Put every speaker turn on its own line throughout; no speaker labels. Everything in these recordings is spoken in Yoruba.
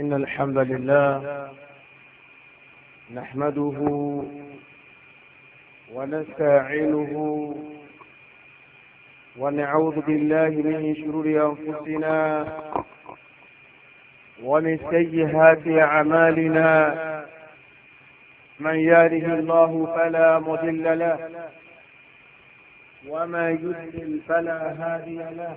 إن الحمد لله نحمده ونستعينه ونعوذ بالله من شرور أنفسنا ومن
سيئات أعمالنا
من يهده الله فلا مضل له
وما يضلل فلا
هادي له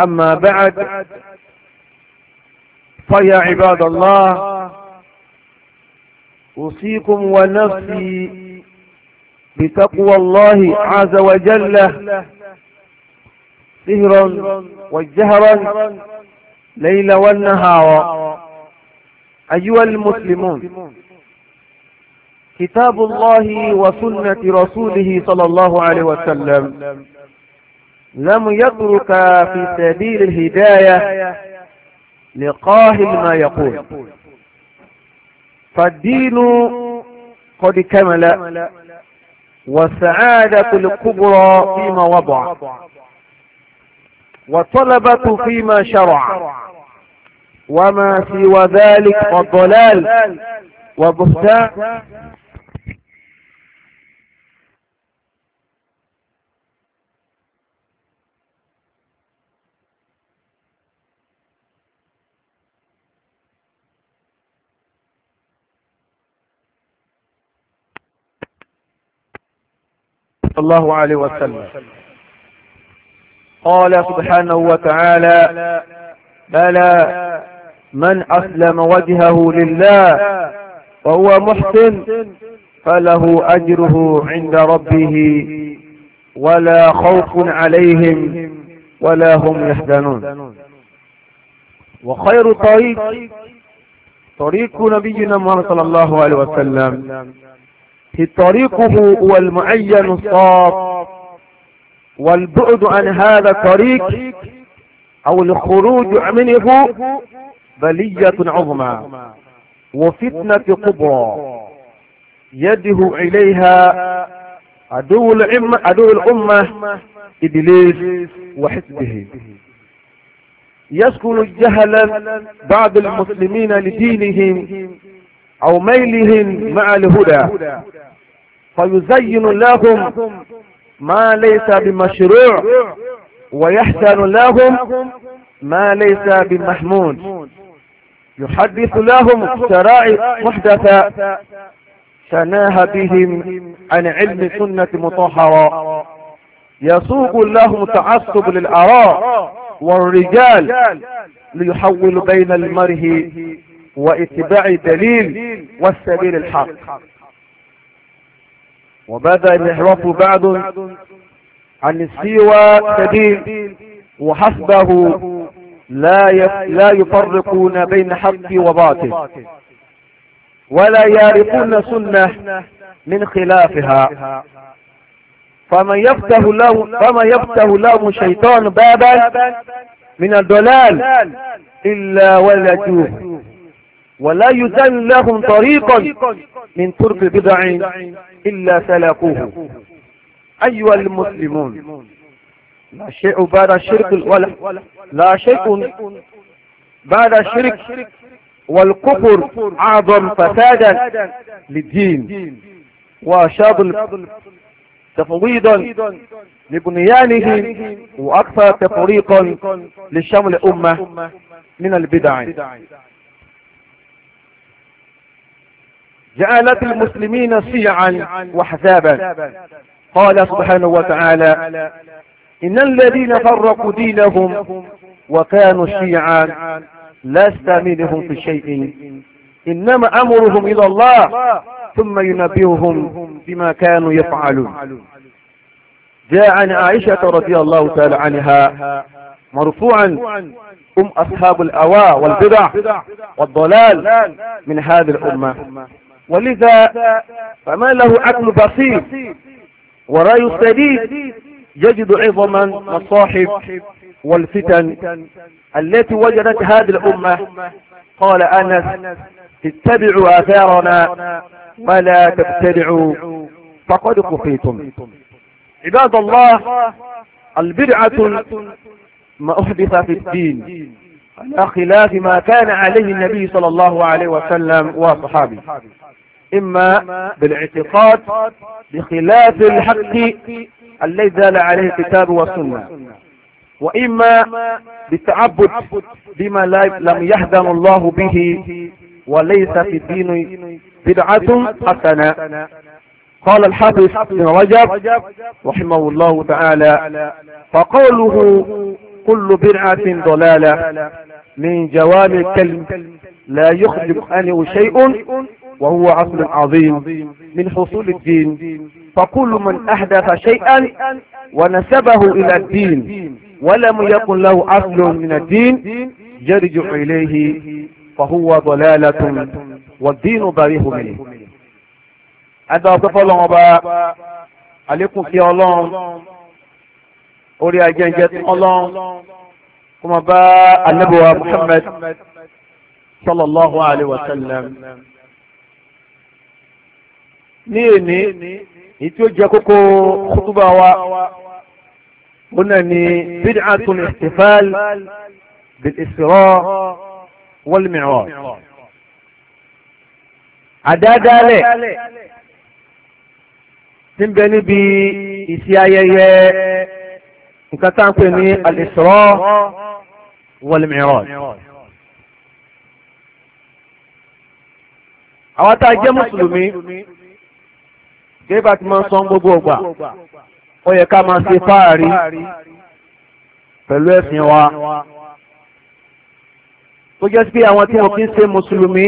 أما بعد فيا عباد الله أوصيكم ونفسي بتقوى الله عز وجل سهرا وجهرا ليلا ونهارا أيها المسلمون كتاب الله وسنة رسوله صلى الله عليه وسلم لم يترك في سبيل الهداية لقاهل ما يقول فالدين قد كمل والسعادة الكبرى فيما وضع والطلبة فيما شرع وما سوى ذلك فالضلال
وبهتان صلى الله عليه وسلم
قال سبحانه وتعالى بلى من أسلم وجهه لله وهو محسن فله أجره عند ربه ولا خوف عليهم ولا هم يحزنون وخير طريق طريق نبينا محمد صلى الله عليه وسلم
طريقه هو المعين الصاب
والبعد عن هذا الطريق أو الخروج منه بلية عظمى وفتنة كبرى يده إليها عدو الأمة, عدو الأمة إبليس وحزبه يسكن جهلا
بعض المسلمين لدينهم
أو ميلهم مع الهدى فيزين لهم ما ليس بمشروع ويحسن لهم ما ليس بمحمود يحدث لهم شرائع محدثة تناهى بهم عن علم سنة مطهرة يسوق لهم تعصب للآراء
والرجال
ليحول بين المره واتباع الدليل
والسبيل الحق
وبدا الإحراف بعد عن السوى سبيل
وحسبه
لا لا يفرقون بين حق وباطل ولا يعرفون سنة من خلافها فمن يفتح له فمن يفتح له شيطان بابا من الضلال إلا ولجوه ولا يزال لهم طريقا من ترك البدع إلا سلكوه أيها المسلمون لا شيء بعد الشرك ولا لا شيء بعد الشرك والكفر أعظم فسادا للدين وأشاد تفويضا لبنيانه وأكثر تفريقا
لشمل الأمة
من البدع جعلت المسلمين شيعا وحزابا قال سبحانه وتعالى إن الذين فرقوا دينهم وكانوا شيعا لست منهم في شيء إنما أمرهم إلى الله ثم ينبههم بما كانوا يفعلون جاء عن عائشة رضي الله تعالى عنها مرفوعا أم أصحاب الأواء والبدع والضلال من هذه الأمة ولذا فما له عقل بسيط ورأي سديد يجد عظما مصاحب والفتن التي وجدت هذه الأمة قال أنس اتبعوا آثارنا
ولا تبتدعوا فقد كفيتم
عباد الله
البدعة
ما أحدث في الدين على خلاف ما كان عليه النبي صلى الله عليه وسلم وصحابه إما بالاعتقاد بخلاف الحق الذي دل عليه الكتاب والسنة وإما بالتعبد بما لم يهدم الله به
وليس في الدين بدعة حسنة قال الحافظ بن رجب
رحمه الله تعالى
فقوله كل بدعة ضلالة
من جواب الكلم لا يخرج عنه شيء وهو أصل عظيم من حصول الدين فكل من أحدث شيئا ونسبه إلى الدين ولم يكن له أصل من الدين يرجع إليه فهو ضلالة والدين بريء منه عند أصف الله عليكم في الله أولي أجنجة الله كما با النبي محمد صلى الله عليه وسلم ní èní èyí tí ó jẹ kókó kútúbà wa ó náà ni bid'atul ihtifal bil isra wal mi'raj àdáadáalẹ̀ tí ń bẹ níbi ìsí ayẹyẹ nǹkan tá à ń pè ní al-Isra àwọn tá a jẹ́ mùsùlùmí gẹ́gbà tí máa ń sọ gbogbo ọgbà ó yẹ ká máa ṣe fáàrí pẹ̀lú ẹ̀sìn wa tó jẹ́ sí pé àwọn tí wọ́n kì í ṣe mùsùlùmí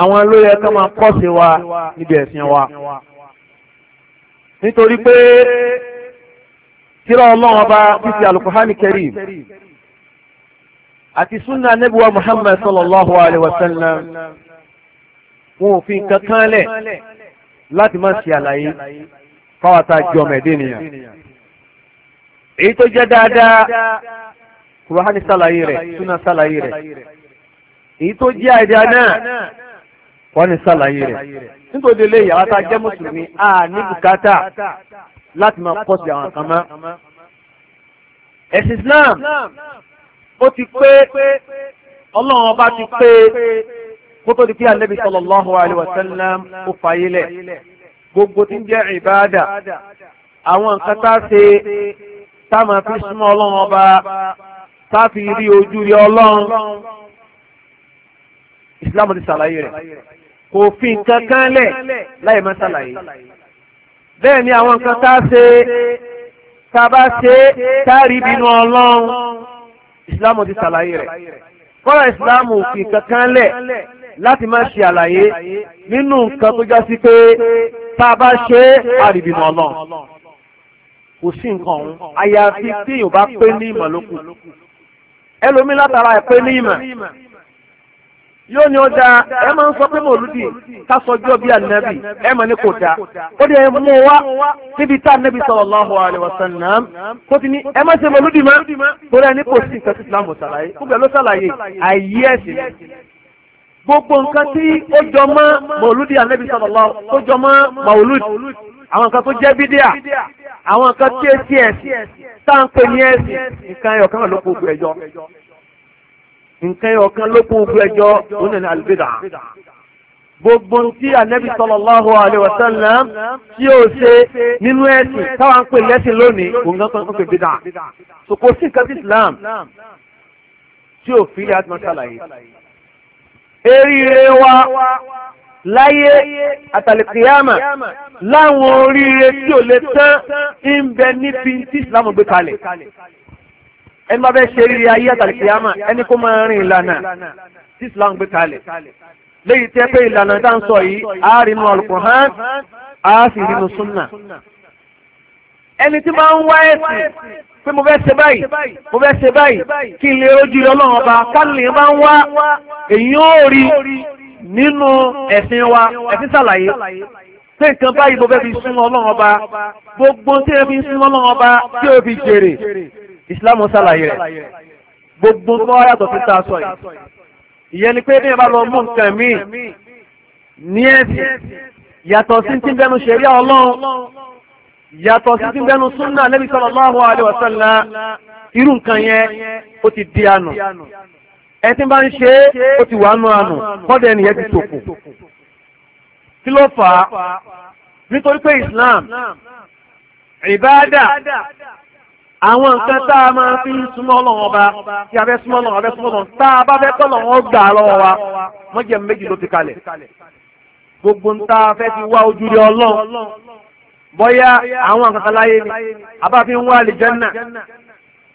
àwọn ló yẹ ká máa kọ́ sí wa níbi ẹ̀sìn wa nítorí pé
tírà ọlọ́run ọba títí alukuhani karim
àti sunna anabiwa muhammad sallallahu alayhi wa sallam wọn ò fi nǹkan kan lẹ̀ láti má ṣe àlàyé fáwọ́ta jọmọ̀ ẹ̀dẹ́ ènìyàn èyí tó jẹ́ dáadáa kùrọ̀hánì sàlàyé rẹ̀ súnà sàlàyé rẹ̀ èyí tó jẹ́ àìdá náà wọ́n ní sàlàyé rẹ̀ nítorí lè yàrá tá a jẹ́ mùsùlùmí a ní bùkátà láti máa kọ́ sí àwọn kan mọ́ ẹ̀sìn Islam ó ti pé ọlọ́run ọba ti pé kótó di pé anabi sallallahu alayhi wa sallam ó fàyè lẹ̀ gbogbo tí ń jẹ́ ìbáàdà àwọn nǹkan tá a ṣe tá a máa fi súnmọ́ ọlọ́run ọba tá a fi rí ojú rí ọlọ́run islam ti ṣàlàyé rẹ̀ kò fi nǹkan kan lẹ̀ láì máa ṣàlàyé bẹ́ẹ̀ ni àwọn nǹkan tá a ṣe tá a bá ṣe tá a rí bínú ọlọ́run islam ti ṣàlàyé rẹ̀ kọ́ra islam ò fi nǹkan kan lẹ̀ láti máa ṣe àlàyé nínú nǹkan tó já sí pé
tá a bá ṣe àrìbìmọ̀ náà
kò sí nǹkan ọ̀hún àyàfi tí yóò bá pé ní ìmọ̀ lókù ẹlòmí látara ẹ̀ pé ní ìmọ̀ yóò ní ọjà ẹ máa ń sọ pé mòlúdì ká sọjọ́ bí ànábì ẹ máa ní kò dáa ó dẹ̀ mú wá níbi tá ànábì sallallahu alaihi wasallam tó ti ní ẹ má ṣe mòlúdì má torí ẹni kò sí nǹkan tí Islam ṣàlàyé gbogbo nǹkan tí ó jọ mọ́ mọ̀lúdì ànábì sallallahu tó jọ mọ́ mọ̀lúdì àwọn nǹkan tó jẹ́ bídíà àwọn nǹkan tí ó ti ẹ̀sìn táǹpẹ̀ ní ẹ̀sìn nǹkan ẹyọ kan ló kó gbogbo ẹjọ́ nǹkan ẹyọ kan ló kó gbogbo ẹjọ́ òun ní àlùbídà gbogbo tí ànábì sallallahu alaihi wasallam
tí ó ṣe nínú ẹ̀sìn táwọn ń pè lẹ́sìn lónìí òun kan tó pè bídà
Islam tí ò fi ilé àti eriri wa
láyé àtàlẹ̀kìyàmà láwọn oríire
tí ò lè tán ń bẹ níbi tí Islam gbé kalẹ̀ ẹni bá bẹ́ ṣe ríire ayé àtàlẹ̀kìyàmà ẹni kó máa rìn ìlànà tí Islam gbé kalẹ̀ léyìí tẹ́ pé ìlànà a rí inú ha a sì ẹni tí máa ń wá ẹ̀sìn pé mo fẹ́ ṣe báyìí mo fẹ́ ṣe báyìí kí n lè rojú ọlọ́run ọba kálí máa ń wá èyí ó rí nínú ẹ̀sìn wa ẹ̀sìn ṣàlàyé pé nǹkan báyìí mo fẹ́ fi súnmọ́ ọlọ́run ọba gbogbo tí ẹ fi súnmọ́ ọlọ́run ọba tí ó fi jèrè ìsìlámù ṣàlàyé rẹ̀ gbogbo tó wá yàtọ̀ sí tá sọ yìí ìyẹn ni pé bí ẹ bá lọ mú nǹkan míì ní ẹ̀sìn yàtọ̀ sí ti bẹnu ṣẹ̀ríà
ọlọ́run
yàtọ̀ sí síndẹ́nu súnà Nabi sallallahu alaihi wasallam
irú nǹkan yẹn ó ti di ànù
ẹtí bá ń ṣe é ó ti wà nù ànù kọ́dọ̀ ẹnìyẹn ti tòkù kí ló fà á nítorí pé Islam ìbáàdà àwọn nǹkan tá a máa fi ń súnmọ́ Ọlọ́run ọba tí a fẹ́ súnmọ́ Ọlọ́run a fẹ́ súnmọ́ Ọlọ́run tá a bá fẹ́ kọ́ lọ́wọ́ gbà lọ́wọ́ wa mọ́jẹ̀ méjì ló ti kalẹ̀ gbogbo ń tá fẹ́ ti wá ojú Ọlọ́run
bọ́yá àwọn àkàkà láyé ni àbáfin wá àlìjánà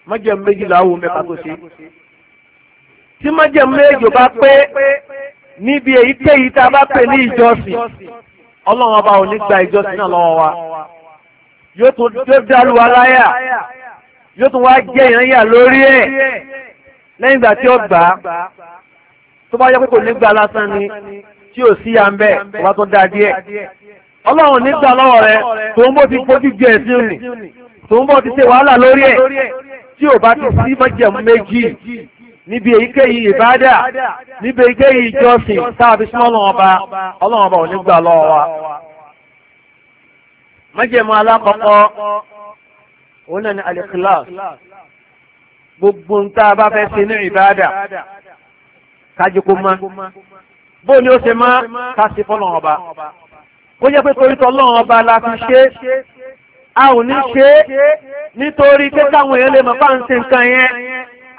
májẹ̀mú méjì láwùú mẹ́ta tó ṣe
tí májẹ̀mú méjì bá pé níbi èyíkéyìí tá a bá pè ní ìjọsìn ọlọ́run ọba ò ní gba ìjọsìn náà lọ́wọ́ wa yóò tún dárú wa láyà yóò tún wá jẹ́ èèyàn yà lórí ẹ̀
lẹ́yìn ìgbà tí ó gbà á
tó bá yẹ kó kò ní gbà lásán ni tí ò sí ya ń bẹ́ẹ̀ tó bá tún dá díẹ̀ ọlọ́run nígbà lọ́wọ́ rẹ tó ń bó ti fojú jẹ ẹ̀sìn òní tó ń bó ti ṣe wàhálà lórí ẹ̀ tí ò bá ti sí májẹ̀mú méjì níbi èyíkéyìí ìbádà
níbi èyíkéyìí ìjọsìn tàbí sí ọlọ́run ọba ọlọ́run
ọba ò nígbà lọ́wọ́ wa. májẹ̀mú alákọ̀ọ́kọ́ òun náà ni alikilas gbogbo ń tá a bá fẹ́ ṣe ní ìbádà kájú kó má
ni ó ṣe má ká sí fọ́lọ́run ọba kó jẹ́ pé torí tọ́lọ́run ọba la fi ṣe a ò ní ṣe nítorí pé káwọn èèyàn lè mọ̀ bá ń ṣe nǹkan yẹn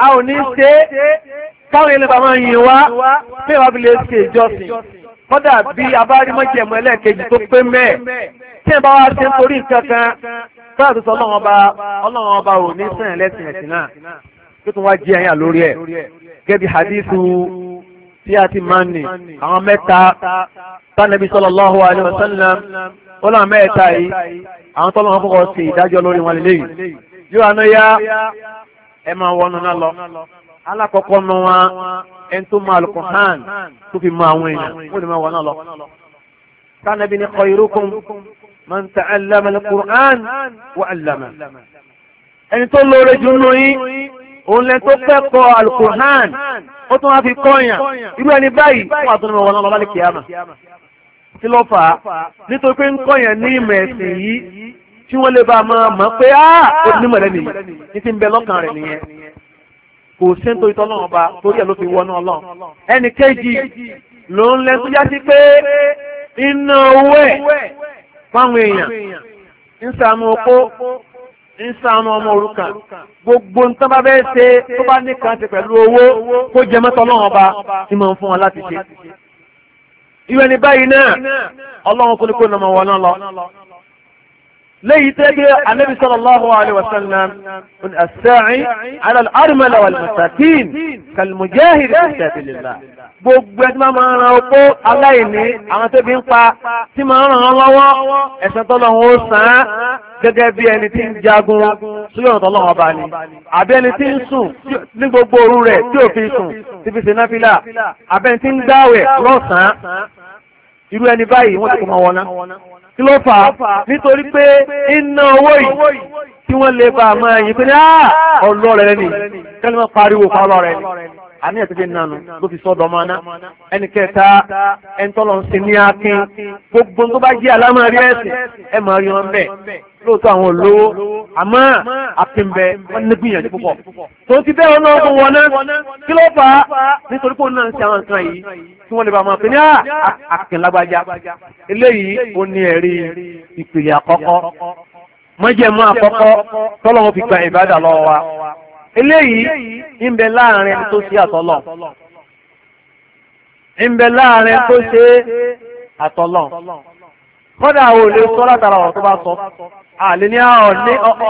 a ò ní ṣe
káwọn èèyàn lè bá máa yìn wá pé wàá fi lè ṣe ìjọsìn kódà bí abárímọ̀jẹ̀mọ̀ ẹlẹ́ẹ̀kejì tó pé mẹ́ẹ̀ tí ẹ bá wá ṣe ń torí nǹkan kan káà tó sọ ọlọ́run ọba ọlọ́run ọba ò ní sẹ́yìn lẹ́sìn ẹ̀sìn náà tó tún wá jí ẹyà lórí ẹ̀ gẹ́gẹ́ bí hadithu tí a ti máa nì àwọn mẹ́ta tánàbí sallallahu alaihi wasallam
ó láwọn mẹ́ta yìí
àwọn tọ́lọ́ wọn kọ́kọ́ sí ìdájọ́ lórí wọn lélẹ́yìn yóò àná yá ẹ máa wọnú náà lọ
alákọ̀ọ́kọ́ nu wọn
ẹni tó máa Al-Qur'an tó fi mọ àwọn èèyàn wọ́n lè máa wọ náà lọ. tánàbí ni khairukum man ta'allama al-Qur'an wa 'allama ẹni tó lóore jù nù yín òun lẹ tó fẹ́ kọ alukur'an
ó tún wá fi kọ́yàn irú ẹni báyìí fún
àtúnú wọn lọ́wọ́ lálẹ́ kìámà kí ló fà á nítorí pé ń kọ́yàn ní ìmọ̀ ẹ̀sìn yìí tí wọ́n lè bá a máa mọ̀ pé á ó ní mọ̀lẹ́ nìyí ní ti ń bẹ lọ́kàn rẹ̀ nìyẹn kò sí nítorí tọ́lọ́run ọba torí ẹ̀ ló fi wọnú ọlọ́run ẹnì kejì ló ń lẹ tó yásí pé iná owó ẹ̀ fáwọn èèyàn ń sàmú opó ń ọmọ òrukàn gbogbo ń tán bẹ́ẹ̀ ṣe tó bá nìkan ṣe pẹ̀lú owó kó jẹ mọ́tọ́ ọlọ́run ọba tí mo ń fún wọn láti ṣe. ìwé ni báyìí náà ọlọ́run kò ní kó nàmọ̀ náà lọ. léyìí tẹ́gbẹ́ النبي صلى الله عليه وسلم ní as-sa'i ala al-armala wal masakin kalmujahid fi sabilillah gbogbo ẹni máa ń ran opó aláìní àwọn tẹ́bi ń pa
tí máa ń ràn án lọ́wọ́
ẹ̀sán tọ́lọ́hún ó sàn án gẹ́gẹ́ bí ẹni tí ń jagun sílẹ̀ ọ̀dọ̀ ọlọ́run ọba ni
àbí ẹni tí ń sùn
ní gbogbo òru rẹ̀ tí ò fi sùn ti fi ṣe náfìlà
àbẹ́ni tí ń gbáwẹ̀ lọ́sàn-án
irú ẹni báyìí wọ́n ti kọ́ mọ́ wọn
ná kí ló fà á nítorí pé iná owó yìí kí
wọ́n lè bá a máa yìí pé ní ọlọ́rẹ̀ ni kẹ́lẹ́ pariwo pa ọlọ́rẹ̀ ni àní ẹ̀tẹ́fẹ́ nánu ló fi sọ́dọ̀ ọmọ náà ẹni kẹta ẹni tọ́lọ̀ ń sin ní akin gbogbo tó bá jẹ́ alámọ̀rí ẹ̀sìn ẹ máa rí wọn bẹ́ẹ̀ lóòótọ́ àwọn olówó àmọ́ àpínbẹ wọn ní gbìyànjú púpọ̀ tó ti bẹ́ẹ̀ wọn náà tó wọn náà
kí ló fà á
nítorí pé òun náà ń ṣe àwọn nǹkan yìí tí wọ́n lè bá máa pè ní àkìnlágbájá ah, ah, eléyìí ó ní ẹ̀rí ìpìlẹ̀ àkọ́kọ́ mọ́jẹ̀mọ́ àkọ́kọ́
tọ́lọ́wọ́ fi gba ìbádà lọ́wọ́ wa eléyìí
ń bẹ láàrin ẹni tó ṣe àtọ́lọ̀ ń bẹ láàrin ẹni tó ṣe àtọ́lọ̀ kọ́dà ò lè sọ látara ọ̀rọ̀ tó bá sọ
àlè ní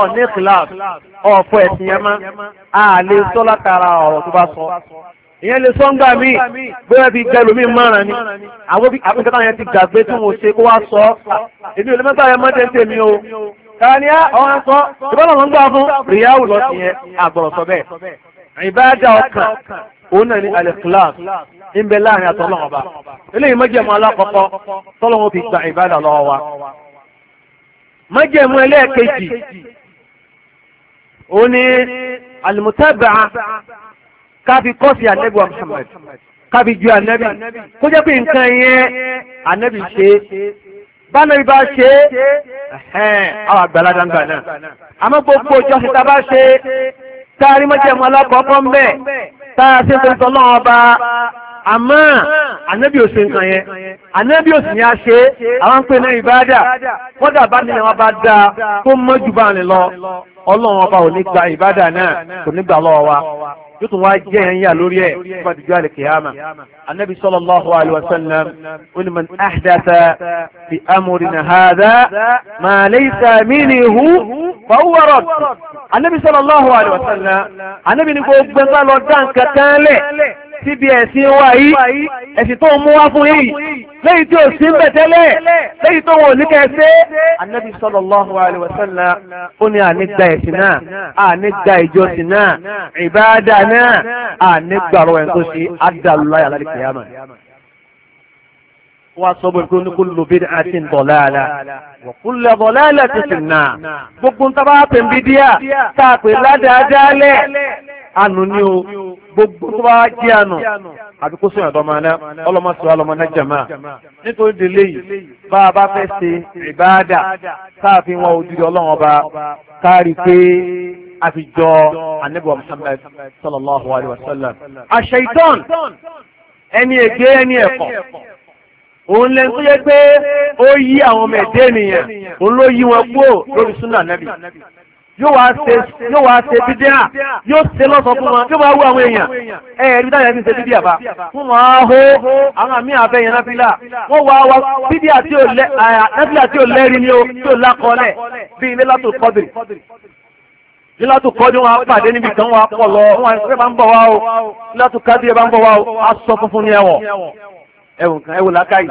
ọ̀ní kìláàsì ọ̀pọ̀ ẹ̀sìn yẹn má àlè sọ
látara ọ̀rọ̀ tó bá sọ ìyẹn lè sọ mí bóyá bíi gẹlò mí márùn ni àwọn bí yẹn ti gbàgbé tí mo ṣe kó wá sọ
èmi ò yẹn mọ́tẹ́ tèmi o tàníà ọwọ́ ń sọ ìbọ́lọ̀ ló ń gbà fún ríyáwù lọ sí yẹn àgbọ̀rọ̀ sọ bẹ́ẹ̀ ìbáàdà ọkàn
òun náà ní alikilas ń bẹ láàrin àtọ́lọ́ọ̀ba
eléyìí mọ́jẹ̀mú alákọ̀ọ́kọ́ tọ́lọ́wọ́ fi gba ìbáàdà lọ́wọ́ wa
mọ́jẹ̀mú ẹlẹ́ẹ̀kejì òun ní alimutaba káfi kọ́sì ànẹ́bí wa Muhammad káfi ju ànẹ́bí kó jẹ́ pé nǹkan yẹn ànẹ́bí ṣe bánà ibà ṣe ẹ̀hẹ́n àwọn àgbàlagbà ń gbà náà àmọ́ gbogbo ìjọsìn tá a bá ṣe tá a rí mọ́jẹ̀mọ́ alákọ̀ọ́kọ́ ń bẹ̀ tá a ṣe ń torí tọ́lọ́ ọba
àmọ́ ànábì òsè nǹkan yẹn ànábì òsè ni a ṣe àwọn pé náà ìbáadà kọ́dà bá ní àwọn bá dá tó
mọ́ jù bá rìn lọ ọlọ́run ọba ò ní gba ìbáadà náà kò ní gbà lọ́wọ́ wa yóò tún wá jẹ́ yẹn yà lórí ẹ̀ nípa dìjọ́ àlè kìyàmà ànábì sallallahu alaihi wasallam ó ní man ahdatha fi amrina hadha ma laysa minhu fa huwa radd ànábì sallallahu alaihi wasallam ànábì ní gbogbo ẹgbẹ́ lọ
síbi ẹ̀sìn wa yìí
ẹ̀sìn tó mú wá fún yìí lẹ́yìn tí ò sí ń bẹ̀ tẹ́lẹ̀ lẹ́yìn tó wọn ò ní kẹsẹ́ anabi sallallahu alaihi wasallam ó ní ànígbà ẹ̀sìn náà ànígbà ìjọsìn náà ìbáadà náà ànígbà ọ̀rọ̀ ẹ̀ńtó ṣe adàlúláyà lálẹ́ kìyàmà wa sọ bó ní kullu bid'atin dalala
wa kullu dalalatin fi an-nar
gbogbo ń tábà pè ń bí díà tá pè ládàá dálẹ̀ àánú ní o gbogbo tó bá jẹ́ àánú àbí kó sóyún àdọ́mọ náà ọlọ́mọsọ ọlọ́mọdé jẹ̀mọ́ nítorí délé yìí bá a bá fẹ́ ṣe ìbáàdà káàfin wọn ojúde ọlọ́run ọba kárí pé a anabi muhammad sallallahu alayhi wa sallam. àṣeyitán ẹni ègbé ẹni ẹ̀kọ́ òun lẹ́nu tó yẹ pé ó yí àwọn ọmọ ẹ̀dẹ́ ènìyàn òun ló yí wọn kúrò lórí súnà nàbì
yóò wá ṣe bídíà yóò ṣe lọ́sọ̀ fún wọn yóò bá wú àwọn èèyàn ẹ̀ẹ́dí dáyẹ̀ ti ṣe bídíà bá fún wọn á hó
àwọn àmì àbẹ̀yẹn náfìlà wọ́n wá wá bídíà tí ò lẹ́rìí ni ó tí ò lákọọ́lẹ̀ bíi ilé látò kọ́dìrì nílátù kọ́dún wa pàdé níbi kan wa pọ̀ lọ wọn àìsàn bá ń bọ̀ wá o nílátù kádìyẹ bá ń bọ̀ wá o aṣọ funfun ni ẹ̀wọ̀n ẹwùn kan ẹwùn làákàyè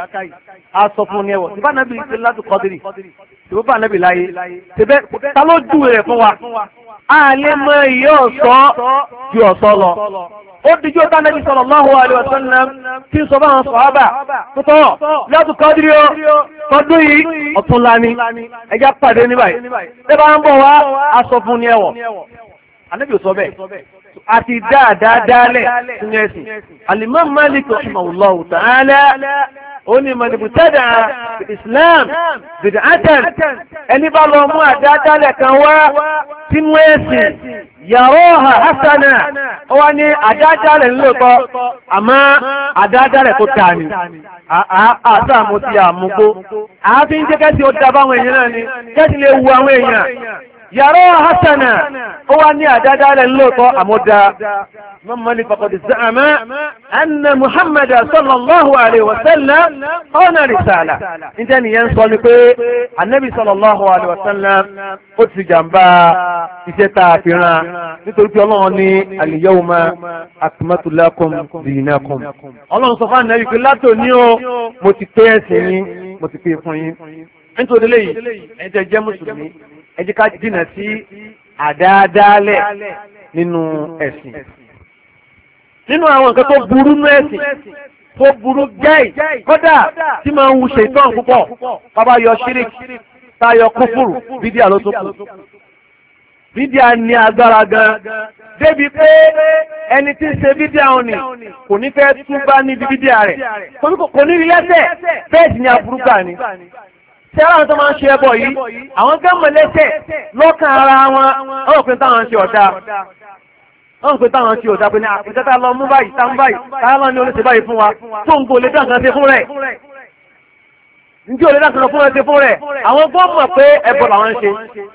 a sọ fún ní ẹwọ tí bá nàbì ṣe láti kọdìrì tí bó bá nàbì láyé tẹbẹ ta ló dù rẹ fún wa
a lè mọ iye ọ̀sọ́ ju ọ̀sọ́ lọ
ó dijó tá nàbì sallallahu alaihi wasallam tí sọ bá wọn sọ ábà tuntun láti kọdìrì o tọdún yìí ọ̀tún lani
ẹja pàdé níbàyí tẹ bá ń bọ̀ wá a sọ fún ní ẹwọ
ànábì ò sọ bẹ́ẹ̀.
àti dáadáa dálẹ̀ sínú ẹ̀sìn.
malik rahimahullahu ta'ala oni mọ̀lẹ́bùtẹ́dà islam bid'atan
ẹni bá lọ mú àdádálẹ̀ kan wá
sínú ẹ̀sìn
yaraha hasana ó wá ní àdádálẹ̀ nílòtọ́ àmọ́ ni
àtàmù àmúgbó àáfíń jẹ́ kẹ́sì ó dábáwọn èèyàn náà ni kẹ́sì lè wu àwọn èèyàn yàrá hasana ó wá ní àdáadáa lẹ́nu lóòótọ́ àmúdá mọ́mọ́lì fàkọ̀dì zàmà anna muhammad sallallahu alayhi wa sallam ọ̀nà rìsàlà níjẹ́ nìyẹn ń sọ ni pé anabi sallallahu alayhi wa sallam ó ti jàǹbá iṣẹ́ tá a fi ràn
nítorí pé ọlọ́run ní al-yawma dinakum
ọlọ́run sọ fún anabi pé látòní o mo ti pé ẹ̀sìn yín mo ti pé fún yín nítorí lẹ́yìn ẹ̀jẹ̀ jẹ́ mùsùlùmí ẹ jẹ́ ká jìnà sí àdáadáalẹ̀ nínú ẹ̀sìn nínú àwọn nǹkan tó burú nú ẹ̀sìn tó burú gẹ́ì kódà tí máa ń wu ṣètọ́n púpọ̀ bàbá yọ ṣírík
táyọ kúfùrù bídíà ló tó kù
bídíà ní agbára gan débi pé ẹni tí ń ṣe bídíà òní kò ní fẹ́ túbá níbi bídíà rẹ̀ kò ní rí lẹ́sẹ̀ bẹ́ẹ̀ sì ni aburú gbà ni tí ara wọn tó máa ń ṣe ẹbọ yìí àwọn gánmọ̀ lẹ́sẹ̀ lọ́kàn ara wọn ọ̀rọ̀ pé táwọn ń ṣe ọ̀dà ọ̀rọ̀ pé táwọn ń ṣe ọ̀dà pé ní àpèjẹ́ta lọ mú báyìí tá mú báyìí táwọn lọ ní olóṣèlú báyìí fún wa tó ń gòlè dáǹkan ṣe fún rẹ̀ njẹ́ olè láti lọ fún ẹ ti fún rẹ̀ àwọn gọ́ọ̀mọ̀ pé ẹbọ làwọn ń ṣe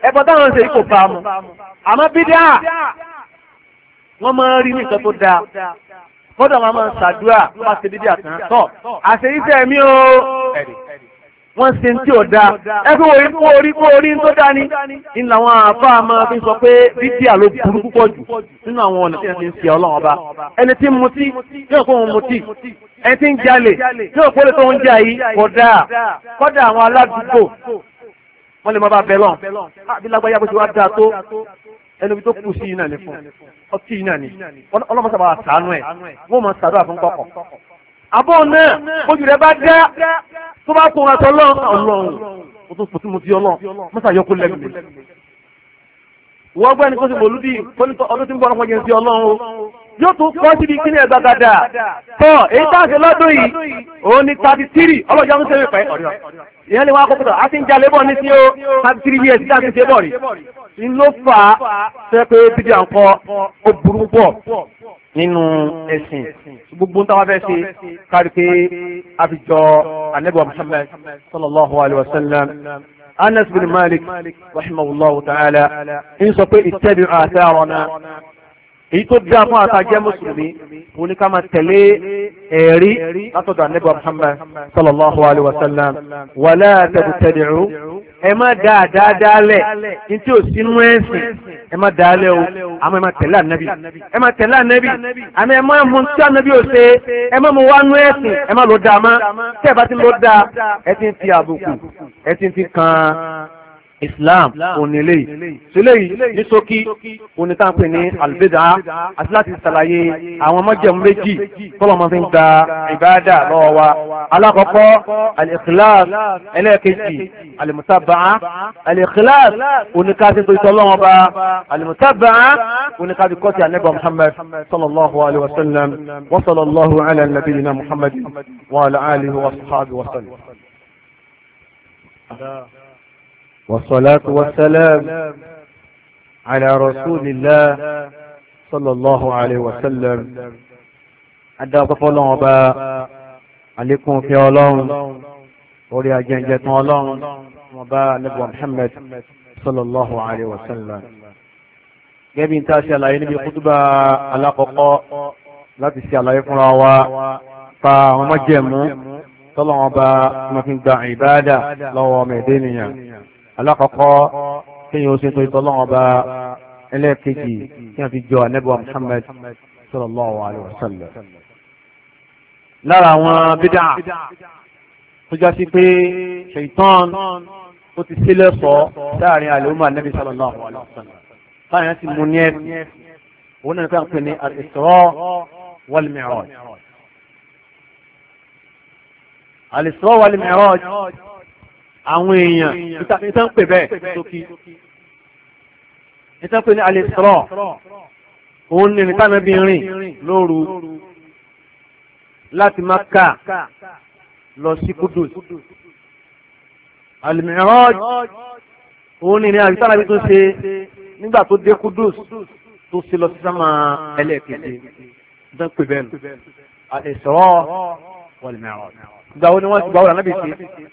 ẹbọ táwọn ń ṣe kò bá mu àmọ́ bídíà wọ́n máa ń rí ní nǹkan tó dáa kódà wọn máa ń ṣàdúrà wọ́n máa ṣe bídíà tán tọ́ àṣeyíṣẹ́ mi ó ẹ̀rì wọ́n ṣe tí ò dáa ẹgbẹ́ orí kú orí kú orí tó dá ní ní làwọn àbá máa fi sọ pé bídíà ló burú púpọ̀ jù nínú àwọn ọ̀nà tí wọ́n ti ń fi ọlọ́run ọba ẹni tí ń mutí
yóò kó òun mutí
ẹni tí ń jalè yóò kó lè tó ń jà yìí kò dáa kọ́dà àwọn aládùúgbò wọ́n lè máa bá bẹ̀ lọ́n
àbí ah, lágbáyà bó ti wá dáa tó
ẹni tó kù sí iná ní fún ọtí iná ní ọlọ́mọ sábà sàánú ẹ̀ wọ́n máa sàdúrà fún kọ́kọ́ àbọ̀ náà ojú rẹ̀ bá dá tó bá kóra tọ́ lọ́rùn ọlọ́run mo tó fòtí mo ti ọlọ́run mọ́sà yọkú lẹ́nu mi. wọ́n gbọ́ ẹni kó sì mọ̀lúdì tó ní ọdún tí ń bọ̀ ọ̀rọ̀ yẹn sí ọlọ́run yóò tún kọ́ síbi kí ni ẹ̀dá dáadáa
tọ́ èyí tá a ṣe lọ́dún yìí
òun ni thirty three ọlọ́jà ń sẹ́yìn pẹ́ ọ̀rẹ́ ìyẹn lè wá kókó tọ̀ a ti ń jalè bọ̀ ní sí o thirty three years tí a ti ṣe bọ̀ rí. ń ló fà
á sẹ́ bíbí à ń kọ́ ó burú pọ̀
nínú ẹ̀sìn gbogbo ń táwọn fẹ́ ṣe kárí pé àfijọ́ anábíwá muhammad sallallahu alayhi wa sallam
anas bin malik
rahimahullahu ta'ala
ń sọ pé ittabi'u atharana
èyí tó dá fún àtàjẹ́ mùsùlùmí wọn ni ká máa tẹ̀lé ẹ̀rí látọ̀dọ̀ àníbà Muhammad
sallallahu alayhi wa sallam wala tabtadi'u ẹ má dá dáadáa lẹ̀ ní
tí ò sínú ẹ̀sìn
ẹ má dá o àmọ́ ẹ má tẹ̀lé ànábì ẹ má tẹ̀lé ànábì àmọ́ ẹ
má mú tí ànábì ò ẹ má mú wánú ẹ̀sìn ẹ má ló dáa má tẹ́ bá ti ló dáa ẹ ti ń fi àbùkù ẹ ti ń fi kan islam onílé sílé yìí ní ṣókí onítàǹpẹ̀ ní albeda àti láti ṣàlàyé àwọn mọ́jẹ̀mú méjì tọ́lọ́mọ fi ń gba ìbáàdà lọ́wọ́ wa
alákọ̀ọ́kọ́ al-ikhlas ẹlẹ́ẹ̀kejì
al-mutabaa
al-ikhlas oníkàtí tó ìtọ́lọ́wọ́ bá
al-mutabaa oníkàtí kọ́sí anẹ́gbà muhammad sallallahu alayhi wa sallam wa sallallahu ala wa ala alihi wa sahbihi wa sallam. والصلاة والسلام على رسول الله صلى الله عليه وسلم أدى طفلون أبا عليكم في الله ولي أجنجة الله وبا نبو محمد صلى الله عليه وسلم gẹ́bí ń táṣe àlàyé níbi kútúbà alákọ̀ọ́kọ́ láti ṣe àlàyé fúnra wa pa àwọn mọ́jẹ̀mú tọ́lọ́wọ́n bá mọ́fin gba ìbáadà lọ́wọ́ ọmọ ẹ̀dẹ́ ènìyàn alákọ̀ọ́kọ́ kéèyàn ó ṣe tó ìtọ́lọ́wọ́n bá ẹlẹ́ẹ̀kejì kí wọ́n fi jọ anẹ́bọ̀ Muhammad sallallahu alaihi wasallam
lára àwọn bídà
tó já sí pé ṣèitán ó ti sílẹ̀ sọ láàrin àlùmọ́ anẹ́bí sallallahu alaihi wasallam láàrin láti mú ní ẹ̀sìn òun náà kàn pé ní al-Isra wal-Mi'raj
àwọn èèyàn ìtàn pè bẹ́ẹ̀ sókí
ìtàn pè ní alẹ́sọ̀rọ̀ òun ní ìtànàbí rìn lóru láti Mákà lọ sí Kudus alìmíràn òun ní ìtànàbí tó ṣe nígbà tó dé Kudus tó ṣe lọ sí sámà ẹlẹ́ẹ̀kejì ìtàn pè bẹ́ẹ̀ nù
alẹ́sọ̀rọ̀ wọ̀lìmíràn. Ìgbà wo ni wọ́n ti gbà wọ́n lànà bèsè?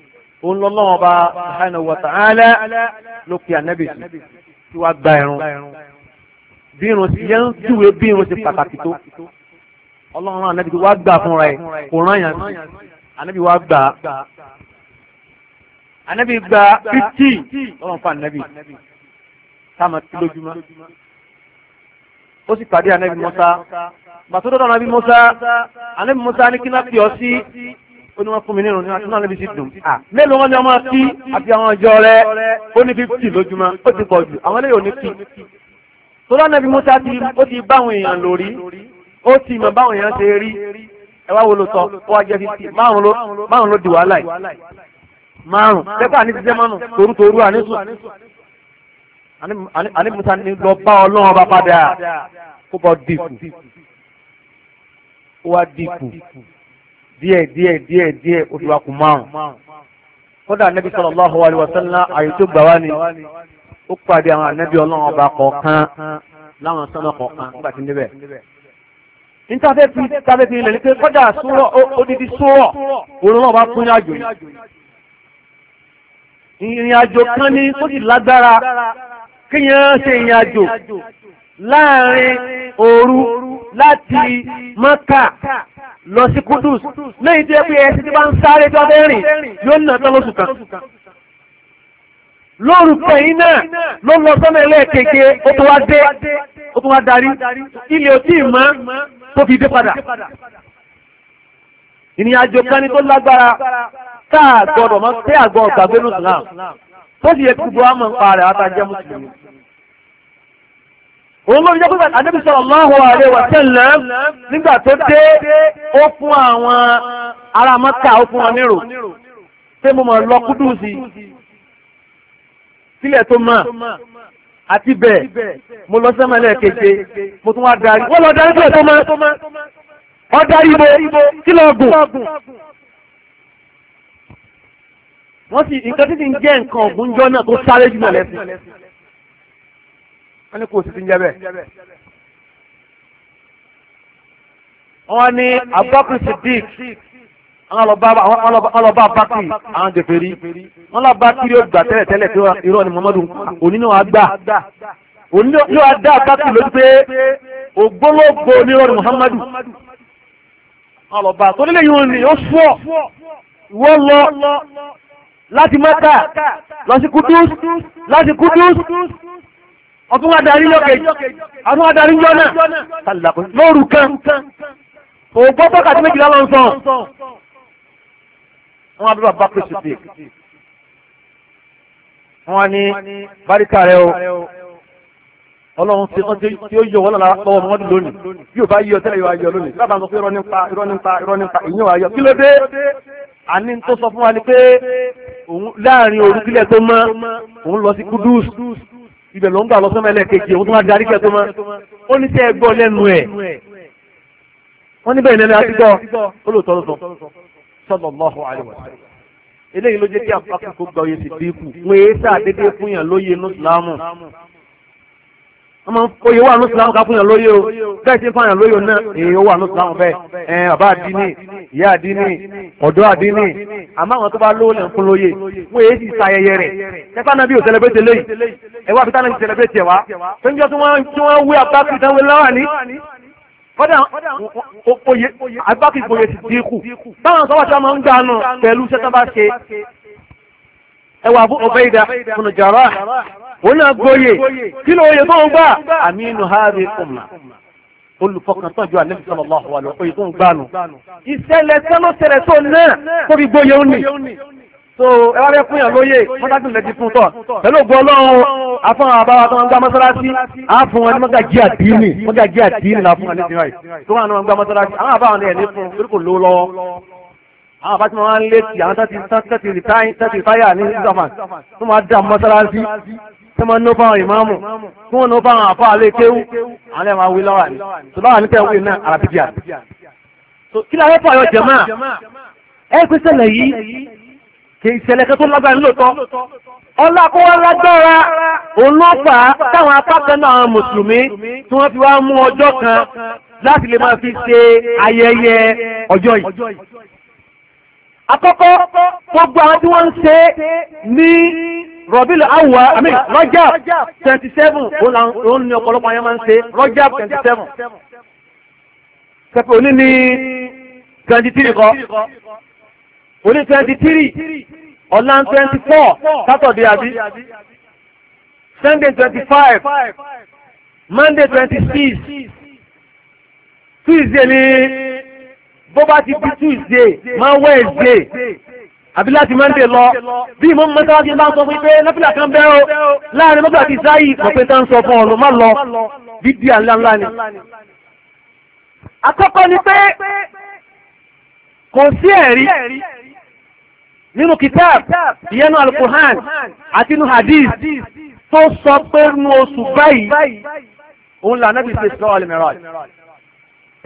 òun lọ́lọ́wọ́ bá ṣáínà wọ̀tà alẹ́ ló pe ànẹ́bì sí tí wàá gba ẹ̀rùn bí irun ti yẹn ń júwe bí irun ti pàtàkì tó ọlọ́run ànẹ́bì wàá gbà fúnra ẹ̀ kò rán yàn sí ànẹ́bì wàá gbà ànẹ́bì gba fifty ọlọ́run fún ànẹ́bì táwọn ti lójúmọ́ ó sì pàdé ànẹ́bì Mùsá gbàtó dọ́dọ̀ ànẹ́bì Mùsá
ànẹ́bì Mùsá ní kí náà pè ọ́ sí
ó ní wọ́n fún mi nínú náà níbi sí dùn. mélòó wọn ni ọmọ sí àti àwọn ọjọ́ rẹ ó ní fífì lójúmọ́ ó ti pọ̀ jù àwọn eléyìí ò ní kì. tọ́lá nàbí musa ti ó ti báwọn èèyàn lórí ó ti mọ̀ báwọn èèyàn ṣe rí ẹ wá wo ló sọ ó wá jẹ́ fífì márùn ló di wàhálà yìí
márùn pẹ́pà ní ti jẹ́ márùn torútorú àníṣù
àníbùsà ni lọ bá ọlọ́run ọba padà kó bọ́ dìkù ó wá dìkù díẹ̀ díẹ̀ díẹ̀ díẹ̀ ó ti wá kù márùn kódà nẹ́bí sallallahu alaihi wasallam àyè tó gbà wá ni ó pàdé àwọn ànẹ́bí ọlọ́run ọba kọ̀ọ̀kan láwọn sọ́nà kọ̀ọ̀kan nígbà tí níbẹ̀ nítafẹ́ fi tafẹ́ fi ilẹ̀ ní pé kódà sórọ̀ odidi sórọ̀ òun náà bá kún ní àjò yìí ìrìn àjò kan ní kó sì lágbára kéèyàn ṣe ìrìn àjò láàrin òru láti Mọ́kà lọ sí Kudus lẹ́yìn tí ẹ pé ẹsẹ̀ tí bá ń sáré tó bẹ́ rìn yóò nà tán lóṣù kan
lóòrù pẹ̀yìn náà ló lọ sọ́nà ẹlẹ́ẹ̀kẹ́kẹ́ ó tó wá dé ó tó wá darí ilé òtí ìmọ̀ tó fi dé padà
ìní àjò kan tó lágbára táà gbọdọ̀ mọ́ pé àgbọ̀ ọ̀gbàgbénú Islam tó sì yẹ kúgbọ́ àmọ́ ń pa rẹ̀ àtàjẹ́ mùsùlùmí òun ló ń jẹ́ pé Ànábì sallallahu alaihi wa sallam nígbà tó dé ó fún àwọn ará Mọ́kà ó fún wọn nírò pé mo mọ̀ lọ Kúdùsì sílẹ̀ tó mọ̀ àti bẹ́ẹ̀
mo lọ sẹ́mọ̀ lẹ́ẹ̀keje
mo tún wá darí wọ́n lọ darí sílẹ̀ tó mọ̀ ọ darí ibo kí lọ gùn wọ́n sì nǹkan títí ń jẹ́ nǹkan ọ̀gbùnjọ́ náà tó sáré jùlọ lẹ́sìn wọ́n ní kò sí ti ń jẹ́ bẹ́ẹ̀. wọ́n ní Abubakar Siddiq àwọn ọlọ́ba Bakri àwọn jẹ̀fẹ̀rí wọ́n lọ Bakri ó gbà tẹ́lẹ̀ tẹ́lẹ̀ tí irọ́ ni Muhammadu onínú wa onínú wa dá lójú pé ògbólógbò ní ni Muhammadu ọlọ́ba tó nílé yìí ó fọ́ ìwọ lọ láti Mẹ́kà
lọ sí Kudus láti Kudus
ọdún adarí lókè
ọdún adarí jọ́nà
lóru kan ògbọ́ tọ́kàtí méjìlá lọ sọ wọn á bí bàbá kristu sí wọn ní báríkà rẹ o ọlọ́run tí wọ́n tí ó yọ wọ́n lára lọ́wọ́ wọn lónìí bí ò bá yọ tẹ́lẹ̀ yọ ayọ lónìí lábàá sọ pé irọ́ nípa irọ́ nípa irọ́ nípa ìyẹn wà ayọ kí ló dé àní tó sọ fún wa ni pé
láàrin òru kílẹ̀ tó mọ́
òun lọ sí kudus ibẹ̀ ló ń gbà lọ́sọ́mọ ẹlẹ́ẹ̀kejì òun tó máa darí kẹ́tọ́ mọ́
ó ní tẹ́ ẹ gbọ́ lẹ́nu ẹ̀
wọ́n níbẹ̀ ìlẹ́nu àti gbọ́ ó lò tọ́lọ́tọ́ sallallahu alaihi wasallam eléyìí ló jẹ́ kí àpapọ̀ gbọ́ yẹn sì dínkù wọ́n yé sáà dédé fún yàn lóye nù ọmọ oyè wà ní Islam ká fún yàn lóyè o bẹ́ẹ̀ tí ń fún yàn lóyè náà èyí ó wà ní Islam bẹ́ẹ̀ ẹ̀ bàbá àdínì ìyá àdínì ọ̀dọ́ àdínì àmọ́ àwọn tó bá lówó lẹ̀ ń fún lóyè wọ́n èyí sì sa ayẹyẹ rẹ̀ ẹ̀fà náà bí ò sẹlẹ̀bẹ̀tì lẹ́yìn ẹ̀wà fi tánàbí sẹlẹ̀bẹ̀tì ẹ̀wà fẹ́ńjọ́ tí wọ́n wé abákì ìdánwò láwà ní kọ́dà abákì ìfòyè
ti òun náà gbóyè kí ló oyè tó ń gbà àmínú hárí
ọmọ olùfọkàntán ju àlẹ́ ìsọ̀rọ̀ lọ́wọ́ àwọn olùkọ́yè tó ń gbànú. ìṣẹ̀lẹ̀ sẹ́ló ṣẹlẹ̀ tó náà tó fi gbóyè ó nì. so ẹ wá fẹ́ fúnyàn lóye mọ́tàkùn lẹ́dí fún tọ̀ pẹ̀lú ògbó ọlọ́run afọ́n àbáwá tó ń gbá mọ́sálásí àfún wọn ní mọ́gàjí àdínì mọ́gàjí àdínì làfún wọn ní ti ráì tó wà ní wọn gbá mọ́sálásí àwọn àbáwọn ni ẹ̀ ní fún torí kò lówó lọ́wọ́ àwọn àbá tí wọ́n á ń létí àwọn tẹ́tí táyà ní sísàmà tó máa dá mọ́sálásí tó máa ń nó fáwọn ìmáàmù
tí wọ́n nó fáwọn àfọ́ àlẹ́ kéwú
àwọn ẹ̀ma wí lọ́wọ́ ni tó láwọn nípa ìwé náà àràbíjì àti. kí la fẹ́ fọ àyọ jẹ̀mọ́ ẹ pé ṣẹlẹ̀ yìí kì í ṣẹlẹ̀ kẹ́ tó lágbára nílòótọ́ ọlá kó wá lágbára òun ló fà á táwọn apákan náà àwọn mùsùlùmí tí wọ́n fi wá mú ọjọ́ kan láti lè máa fi ṣe
ayẹyẹ ọjọ́ yìí.
Àkọ́kọ́ gbogbo àwọn tí wọ́n ń ṣe ní rọ̀bílù awà àmì rọ́jà twenty seven òun ni ọ̀pọ̀lọpọ̀ ayé máa ń ṣe rọ́jà twenty seven sẹ́pẹ̀ òní ní twenty three kọ́ òní twenty three
ọ̀la twenty four sátọ̀dé àbí
sunday twenty five monday twenty six tuesday ni bó bá ti di tuesday máa wẹ́ẹ̀sì àbí láti mẹ́ndé lọ bí ìmọ̀ mẹ́tàlájì bá ń sọ pé lẹ́pìlà kan bẹ́ o láàrin mọ́gbà ti sáyì pọ̀pẹ́ tá ń sọ fún ọ̀rọ̀ má lọ
dídí àńláńlá ni. àkọ́kọ́ ni pé
kò sí ẹ̀rí nínú kitab ìyẹnu alukuhan àti inú hadith tó sọ pé nu oṣù báyìí òun là nábì ṣe sọ ọlẹ́mẹ̀rọ̀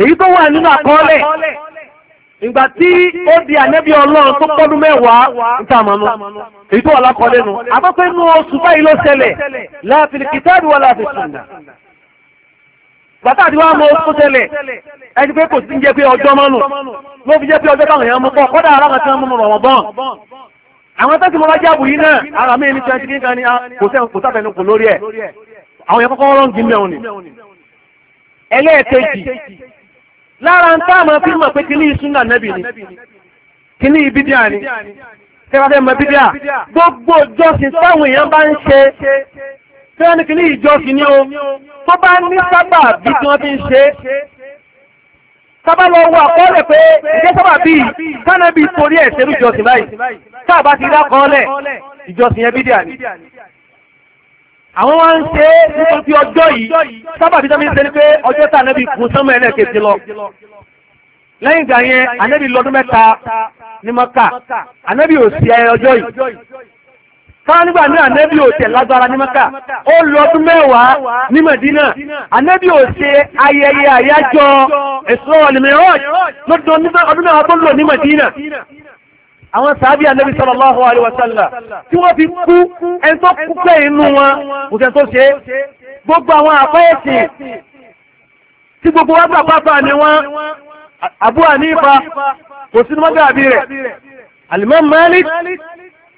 èyí tó wà nínú àkọọ́lẹ̀ ìgbà tí ó di ànẹ́bí ọlọ́run tó pọ́dún mẹ́wàá ìtàmọ́nú
èyí tó wà lákọọ́lẹ̀ nù àkọ́kọ́ inú oṣù báyìí ló ṣẹlẹ̀ láti lè kìtàbí wà láti sùnà gbàtàdí wà mọ oṣù ṣẹlẹ̀ ẹni pé kò sí ń jẹ́ pé ọjọ́ mọ́nù ló fi jẹ́ pé ọjọ́ táwọn èèyàn mú pọ̀ kọ́dà ara kan tí wọ́n mú Ramadan
àwọn tó ti mọ́ lájáàbù yìí náà ara mi ní twenty kí kan ní kò sáfẹ́nu kò lórí ẹ̀ àwọn èèyàn kọ́kọ́ rọ́ǹgì mẹ́wọ̀n ni
ẹlẹ́ẹ̀kejì
lára ń táàmà fi mọ̀ pé kí ní ìsúnà nẹ́bì ni
kí ní ìbídíà ni kẹfàfẹ́ mọ̀ bídíà gbogbo
ìjọsìn táwọn èèyàn bá ń ṣe tí wọ́n ní kí ní ìjọsìn ni o tó bá ní sábà bí tí wọ́n fi ń ṣe sábà lọ wọ àkọọ́lẹ̀ pé ìjẹ́ sábà bí kánẹ́bì torí ẹ̀ ìjọsìn báyìí
tá àwọn wá ń ṣe é nípa bí ọjọ́ yìí sábàbí tó fi ń ṣe ni pé ọjọ́ tá ànábì kún sánmọ́ ẹlẹ́ẹ̀kejì lọ
lẹ́yìn ìgbà yẹn ànábì lọ́dún mẹ́ta ní mọ́kà ànábì ò sí ẹ ọjọ́ yìí fáwọn nígbà náà ànábì ò tẹ̀ lágbára ní mọ́kà ó lọ́dún mẹ́wàá ní mẹ̀dínà ànábì ò ṣe ayẹyẹ àyájọ́ Isra wal Miraj lọ́dún ọdún mẹ́wàá tó lò ní mẹ̀dínà àwọn sàábí ànábì sallallahu alaihi wasallam tí wọ́n fi kú ẹni tó kú pé inú wọn kò sẹ́ tó ṣe gbogbo àwọn àpáyẹ̀sìn tí gbogbo wọn gbà pápá ni wọn
Abu Hanifa
kò sínú mọ́jà àbí rẹ̀ Al-Imam Malik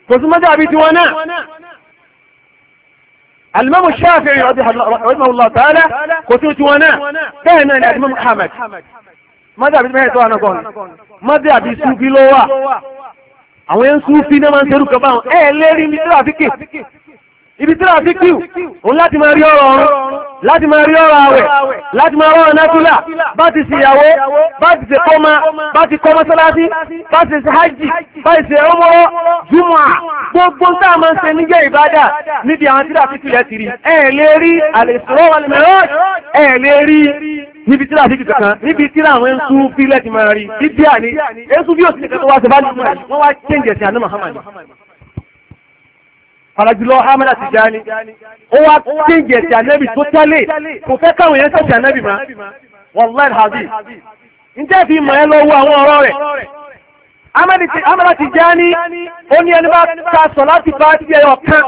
kò sínú mọ́jà àbí tiwọn náà Al-Imam Shafi'i rahimahullahu ta'ala kò náà bẹ́ẹ̀ náà àwọn yẹn ń sún fí náà máa ń serú kan báwọn ẹ̀ lérí ní tíráfíkì ibi tí a fi kíw òun láti máa rí ọ̀rọ̀ ọ̀run láti máa rí ọ̀rọ̀ àwẹ̀ láti máa rọrọ nákúlà bá ti ṣe ìyàwó bá ti ṣe kọ́má bá ti kọ́ mọ́sálásí bá ti ṣe hajj bá ti ṣe ọmọrọ júmọ̀ à gbogbo tá a máa ń ṣe níjẹ́ ìbádà níbi àwọn tí a fi kílẹ̀ ẹ̀ lè rí àlèsọ́rọ̀ ẹ̀ lè rí níbi tí láti kìkà kan níbi tí láwọn ń tún fílẹ̀ ti máa rí bíbí àní èsù bí òsì Àràjùlọ Ahmed Tijani, ó wá tíǹgẹ̀ ti ànẹ́bì tó tẹ́lẹ̀, kò fẹ́ káwọn yẹn tẹ̀sí ànẹ́bì mọ́. Wallahi Habi. Ǹjẹ́ fi mọ̀ ẹ́ lọ́wọ́ àwọn ọ̀rọ̀ rẹ̀? Ahmed Tijani, ó ní ẹni bá ta sọ̀ láti bá ti ẹyọ kan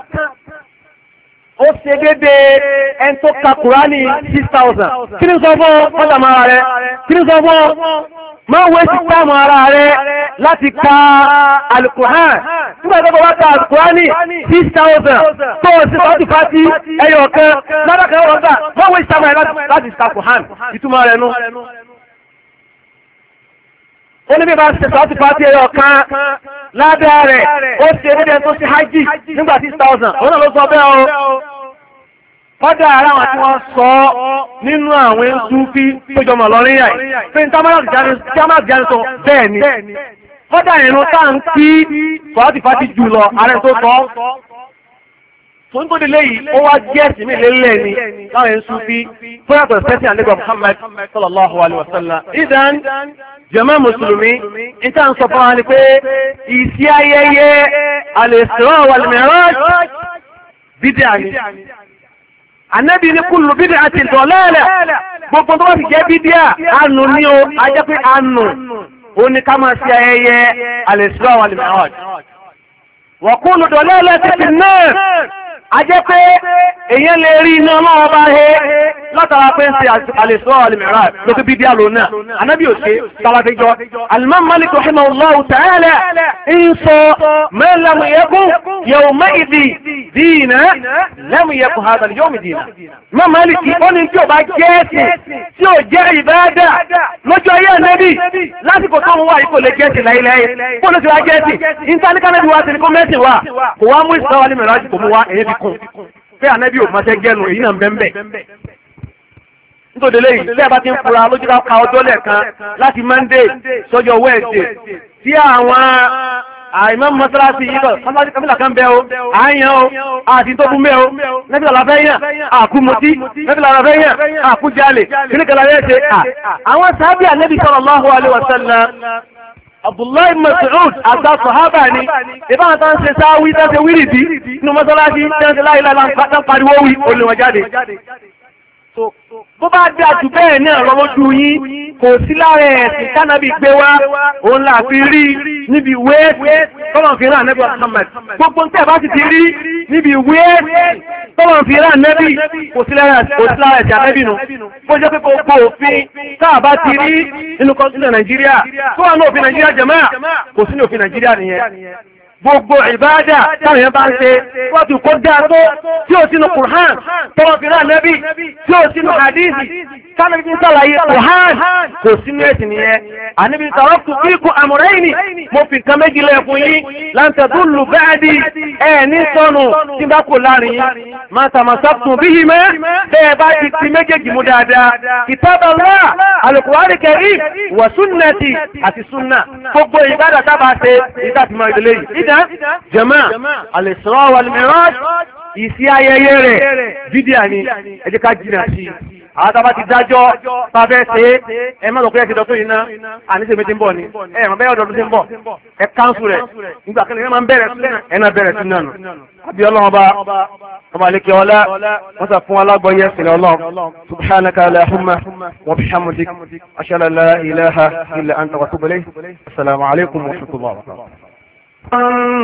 ó ṣe dédé ẹn tó ka kùránì 6,000 kí ní sọ fún ọ́dàmà ara rẹ̀
kí ní sọ fún máa wé sí táàmù ara rẹ̀ láti ka alukùrán nígbàtọ́gbọ́ wá ka alukùránì 6,000 tó ṣe fàájú fàájú ẹyọ kan lọ́dọ̀kẹ́ ọ̀gbà máa wé sí táàmù rẹ̀ láti ka kùrán ìtumọ̀ rẹ̀ nú
ó ní bí bá ṣe sọ́ọ́tì pàtí ẹyọ kan lábẹ́ rẹ̀ ó ṣe dédé tó ṣe hajj nígbà tí thousand òun náà ló sọ bẹ́ẹ̀ o kọ́dà ara àwọn tí wọ́n sọ nínú àwọn ẹ̀ńtúfí tó jọmọ̀ lọ́rí yà pé ní tamara bẹ́ẹ̀ ni
kọ́dà ìrún tá à ń kí
sọ́ọ́tì pàtí jù lọ ààrẹ tó sọ fún tó délé yìí ó wá jẹ́ ẹ̀sìn mi lélẹ̀ ni láwọn ẹ̀ńsú bí fúnra tó sẹ́sì àlẹ́gbà Muhammad sallallahu alayhi wa sallam idan jama mùsùlùmí níta ń sọ fún wa ni pé ìsí ayẹyẹ al-Isra wal-Mi'raj bídíà ni anabi ni kullu bid'atin gbogbo tó bá fi jẹ́ bídíà anu ni o ajẹ́ pé anu ó ní ká máa ṣe ayẹyẹ al-Isra wọ̀kúlù dọ̀lẹ́lẹ́ títí náà
a jẹ́ pé èyàn lè rí iná ọlọ́wọ́ bá he
látara pé ń ṣe àlèsọ́ alìmìíràn lókè bí díà lónà anábì òṣè tàbátẹjọ alimam malik rahimahullahu ta'ala ń sọ mẹ́lẹ̀mù ò bá
jẹ́ ẹ̀sìn tí ò jẹ́ ìbáadà sì wà kò wá mú ìsìláwà ní mẹ́ràjì kò mú wá èyí fi kún
pé ànábì ò máa ṣe gẹ́nu èyí náà bẹ́ẹ̀ bẹ́ẹ̀ nítorí lẹ́yìn tí ẹ bá ti ń fura lójú bá ka ọjọ́ lẹ́ẹ̀kan
láti Monday sọ́jọ́ Wednesday tí àwọn
àìmọ́ mọ́sálásí yìí lọ mọ́sálásí kamila kan bẹ́ o àáyàn o àti tó fún mẹ́ o nẹ́bílà làbẹ́ yàn àkúmọtí nẹ́bílà làbẹ́ yàn àkújalè kíníkà làbẹ́ yàn ṣe à àwọn sábíà nẹ́bí sallallahu alaihi wasallam Abdullahi Mas'ud àgbà sọ̀hábà ni, ìbá àtà ń ṣe sáwí tẹ́ ṣe wírìdí, inú mọ́sálásí tẹ́ ń ṣe láìláìlá ń pariwo wí olùwọ̀n jáde bó bá dá jù bẹ́ẹ̀ náà lọ lójú yín kò sí lára ẹ̀sìn tánàbí gbé wá òun là fi rí níbi ìwé tọ́lọ̀ fi rán nẹ́bí Muhammad gbogbo tẹ́ bá sì ti rí níbi ìwé
tọ́lọ̀ fi rán nẹ́bí kò sí lára ẹ̀sìn ànẹ́bí nu
bó jẹ́ pé gbogbo òfin táà bá ti rí nínú kọ́ńtínà Nàìjíríà tó wà ní òfin Nàìjíríà jẹ̀mọ́ kò sí ní òfin Nàìjíríà nìyẹn gbogbo ìbáadà táwọn yẹn bá ń ṣe wọ́n ti kó dáa tó tí ó sínú kùrán tọ́wọ́ fi rán nẹ́bí tí ó sínú hadithi
sánàbí ti sàlàyé kùrán kò
sínú ẹ̀sìn nìyẹn àníbi sọ̀rọ̀ kù kí kú àmúrẹ́yìnì mo fi nǹkan méjì lẹ́ẹ̀kún yín láǹtẹ̀dún lù báàdì ẹ̀ ní sọnù tí bá kò láàrin yín máa tàmàṣàtún bí ìdá jama al-Isra wal-Mi'raj
ìsí ayẹyẹ rẹ̀ bídíà ni ẹ
jẹ́ ká jìnà sí àtàbà ti dájọ́ tàbẹ́ ṣe ẹ má lọ pé ẹ ti dọ́tún yìí náà
àníṣe mi ti ń bọ̀ ni ẹ ẹ̀rọ bẹ́ẹ̀ ọ̀dọ́dún ti ń bọ̀ ẹ káńsù rẹ̀
nígbà kan ẹ máa ń bẹ̀rẹ̀
ẹ náà bẹ̀rẹ̀ sí náà
um